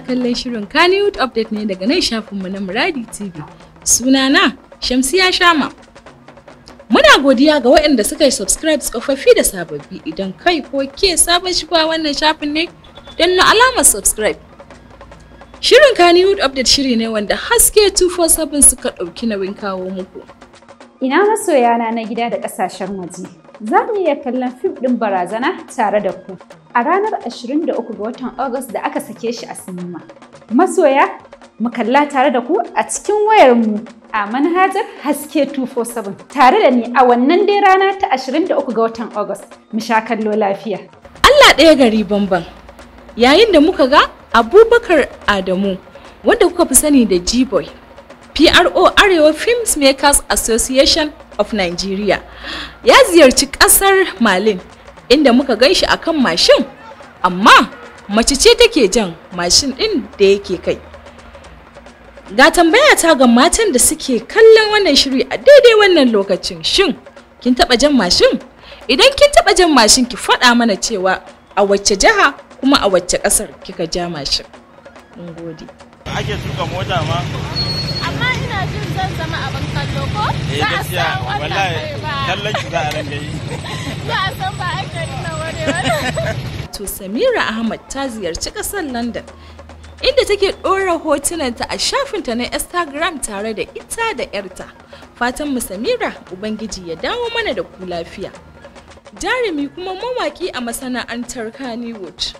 kuna kallon shirin Kannywood Update ne daga nan shafinmu na Muradi TV. Sunana Shamsiya Shama. Muna godiya ga waɗanda suka yi subscribe tsofaffi da sababbi idan kai ko ke sabon shigowa wannan shafin ne don na alamar subscribe. Shirin Kannywood Update shiri ne wanda haske 247 suka ɗauki nauyin kawo muku. Ina masoyana na gida da ƙasashen waje. Za mu iya kallon fim ɗin barazana tare da ku. A ranar 23 ga watan Agusta da aka sake shi a sinima. Masoya, mu kalla tare da ku a cikin wayar mu a manhajar Haske 247 tare da ni a wannan dai rana ta 23 ga watan August Mu sha kallo lafiya. Allah ɗaya gari bamban. Yayin da muka ga Abubakar Adamu wanda kuka fi sani da G-Boy, PRO Arewa Films Makers Association of Nigeria ya ziyarci ƙasar Malin inda muka gan shi a kan mashin amma mace ce take jan mashin ɗin da yake kai ga tambaya ta ga matan da suke kallon wannan shiri a daidai wannan lokacin shin kin taɓa jan mashin idan kin taɓa jan mashin ki faɗa mana cewa a wacce jiha kuma a wacce ƙasar kika ja mashin. gode. Ake tuka mota ma zama abin kallo ko? Eh gaskiya wallahi kallon ki za san ba ake nuna wani To Samira Ahmad ta ziyarci ƙasar London inda take ɗora hotunanta a shafinta na Instagram tare da ita da 'yarta. Fatan mu Samira Ubangiji ya dawo mana da ku lafiya. Jarumi kuma mawaƙi a masana'antar Kannywood.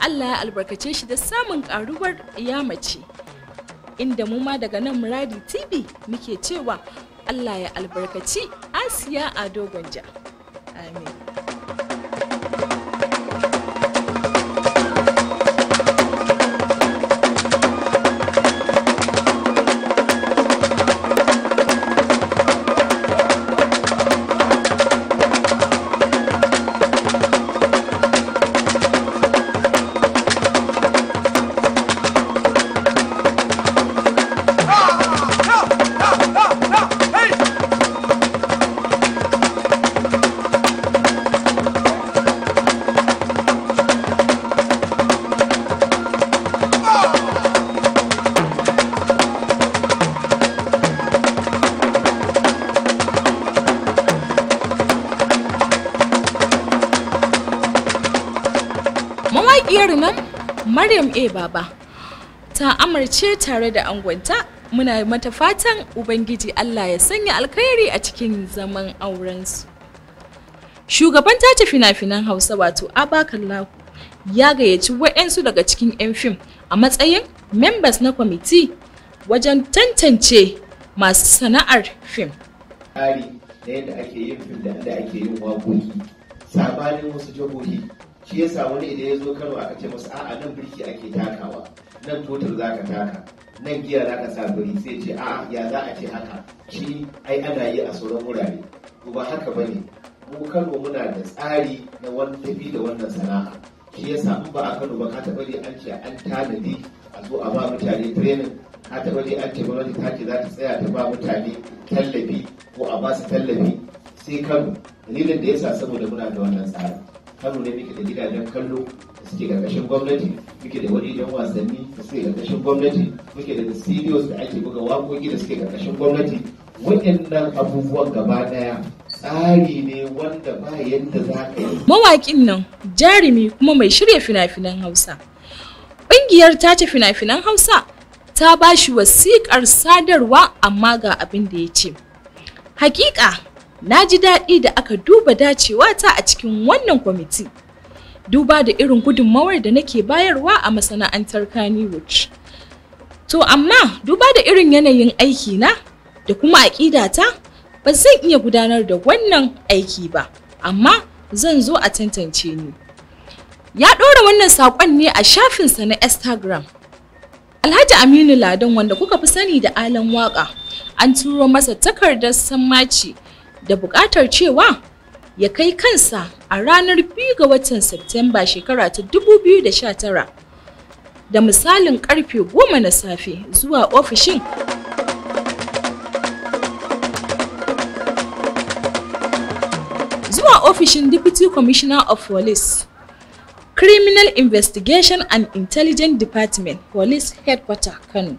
Allah ya albarkace shi da samun ƙaruwar ya mace. inda mu ma daga nan muradi tv muke cewa allah ya albarkaci asiya a dogon amin A Baba. Ta amurce tare da angwanta muna mata fatan Ubangiji Allah ya sanya alkhairi a cikin zaman aurensu. Shugaban tace fina-finan Hausa wato Abakallahu ya gayyaci wayansu daga cikin 'yan fim a matsayin members na kwamiti wajen tantance masu sana'ar fim. Tsari da yadda ake yin fim da ake yin waƙoƙi, sabanin wasu jihohi shi yasa wani idan ya zo kano aka ce masa a'a nan birki ake takawa nan totar za ka taka nan giya za ka sa biri sai ce a ya za a ce haka shi ai ana yi a sauran wurare to ba haka ba ne mu kano muna da tsari na wani tafi da wannan sana'a shi yasa in ba a kano ba ka taɓa ne an ce an tanadi a zo a ba mutane training ka taɓa ne an ce ba wani take za ta tsaya ta ba mutane tallafi ko a ba su tallafi sai kano dalilin da yasa saboda muna da wannan tsari kano ne muke da gidajen kallo da suke karkashin gwamnati muke da idan wasanni da suke karkashin gwamnati muke da studios da ake buga waƙoƙi da suke karkashin gwamnati waɗannan abubuwan gaba ɗaya tsari ne wanda ba yadda za ka yi. Mawaƙin nan jarumi kuma mai shirya fina-finan Hausa. Ƙungiyar tace fina-finan Hausa ta ba shi wasiƙar sadarwa amma ga abin da ya ce. Hakika na ji daɗi da aka duba dacewa ta a cikin wannan kwamiti duba da irin gudunmawar da nake bayarwa a masana'antar Kannywood. To amma duba da irin yanayin aiki na da kuma aƙidata ba zan iya gudanar da wannan aiki ba, amma zan zo a tantance ni. Ya ɗora wannan saƙon ne a shafinsa na Instagram. Alhaji Aminu Ladan wanda kuka fi sani da Alan Waƙa an turo masa takardar sammaci da buƙatar cewa ya kai kansa a ranar 2 ga watan Septemba shekara ta 2019 da misalin karfe 10 na safe zuwa ofishin. Zuwa ofishin Deputy Commissioner of Police, Criminal Investigation and Intelligence Department, Police Headquarter, Kano.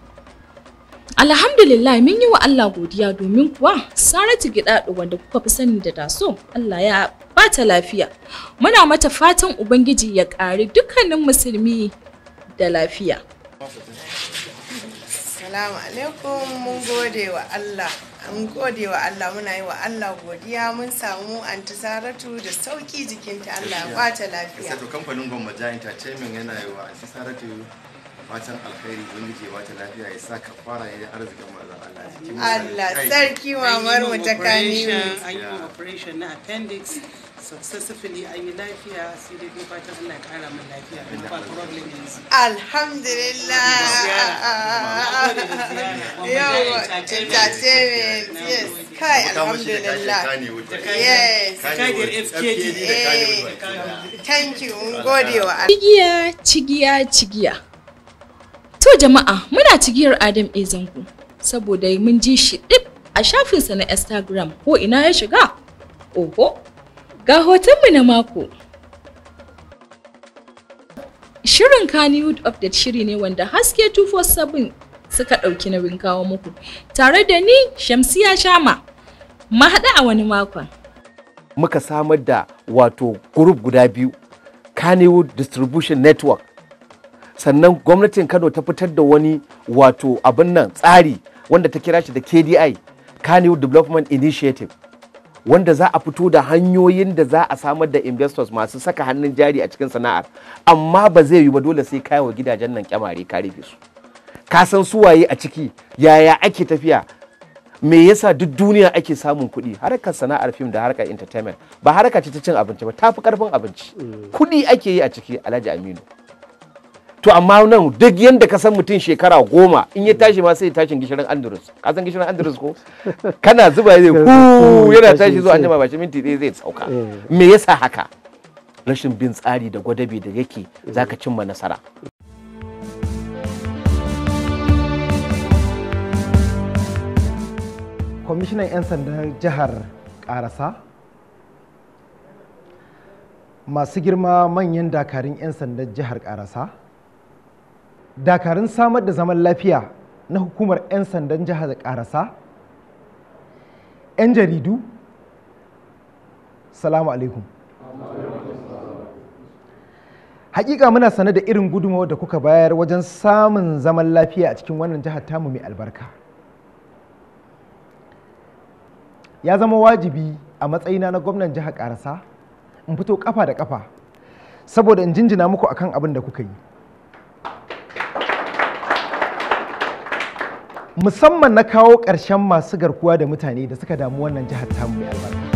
Alhamdulillah mun yi wa Allah godiya domin kuwa Saratu Gidaɗo wanda kuka fi sani da daso Allah ya bata lafiya. Muna mata fatan Ubangiji ya ƙari dukkanin musulmi da lafiya. Salamu alaikum mun gode wa Allah. Mun gode wa Allah muna yi wa Allah godiya mun samu anti Saratu da sauki jikinta Allah ya bata lafiya. Sai kamfanin Gwamma Entertainment yana yi wa Saratu fatan alkhairi ubangiji ya bata lafiya ya sa ka fara ne da arzikin manzon Allah Allah sarki mamar mu ta kani an operation na appendix successfully an yi lafiya sai dai kuma fatan Allah ya kara min lafiya kuma ba problem yanzu alhamdulillah yawa entertainment yes kai alhamdulillah yes Kai, fkd thank you mun gode wa cigiya cigiya cigiya To jama'a muna cigiyar Adam A saboda mun ji shi dip a shafinsa na Instagram ko ina ya shiga? Oho, ga hotonmu na mako. Shirin Kannywood Update shiri ne wanda haske 247 suka ɗauki na kawo muku tare da ni Shamsiya Shama. Mahaɗa a wani mako. Muka samar da wato group guda biyu, Kannywood Distribution Network sannan gwamnatin kano ta fitar da wani wato abin nan tsari wanda ta kira shi da kdi kano development initiative wanda za a fito da hanyoyin da za a samar da investors masu saka hannun jari a cikin sana'ar amma ba zai yi ba dole sai kawo gidajen nan kyamare ka rufe su ka san waye a ciki yaya ake tafiya me yasa duk duniya ake samun kuɗi harkar sana'ar fim da harkar entertainment ba harka ce ta cin abinci ba tafi karfin abinci mm. kuɗi ake yi a ciki alhaji aminu to amma nan duk yadda ka san mutum shekara goma in ya tashi ma sai tashin gishirin andrus ka san gishirin andrus ko kana zuba zai ku yana tashi zuwa anjima ba shi minti ɗaya zai sauka eh. me yasa haka rashin bin tsari da gwadabi da yake zaka cimma nasara kwamishinan 'yan sandan jihar karasa masu girma manyan dakarun 'yan sandan jihar karasa dakarun samar da zaman lafiya na hukumar 'yan sandan jihar karasa 'yan jaridu salamu alaikum hakika muna sane da irin gudunmawa da kuka bayar wajen samun zaman lafiya a cikin wannan jihar tamu mai albarka ya zama wajibi a matsayina na gwamnan jihar karasa in fito kafa da kafa saboda in jinjina muku akan abin da kuka yi musamman na kawo ƙarshen masu garkuwa da mutane da suka damu wannan jihar tamu mai albarka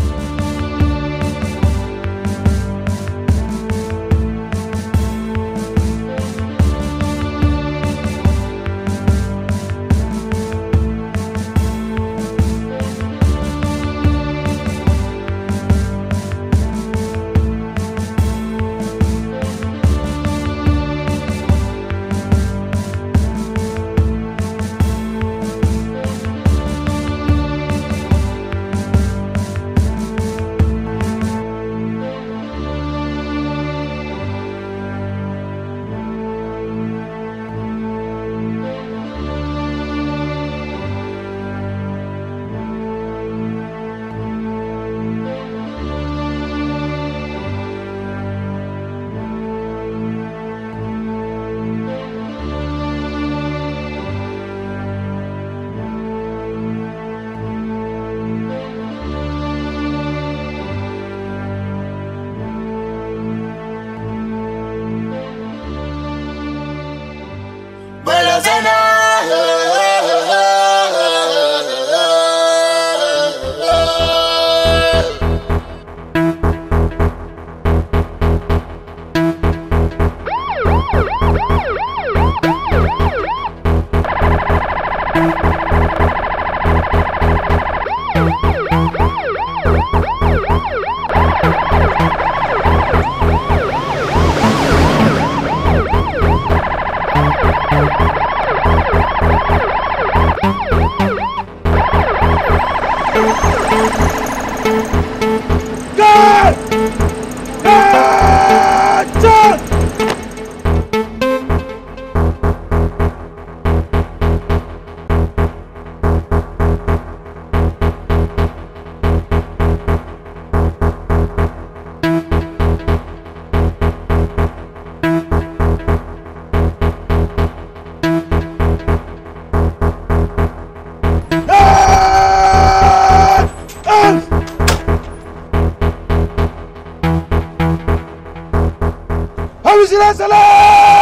Brasileiro!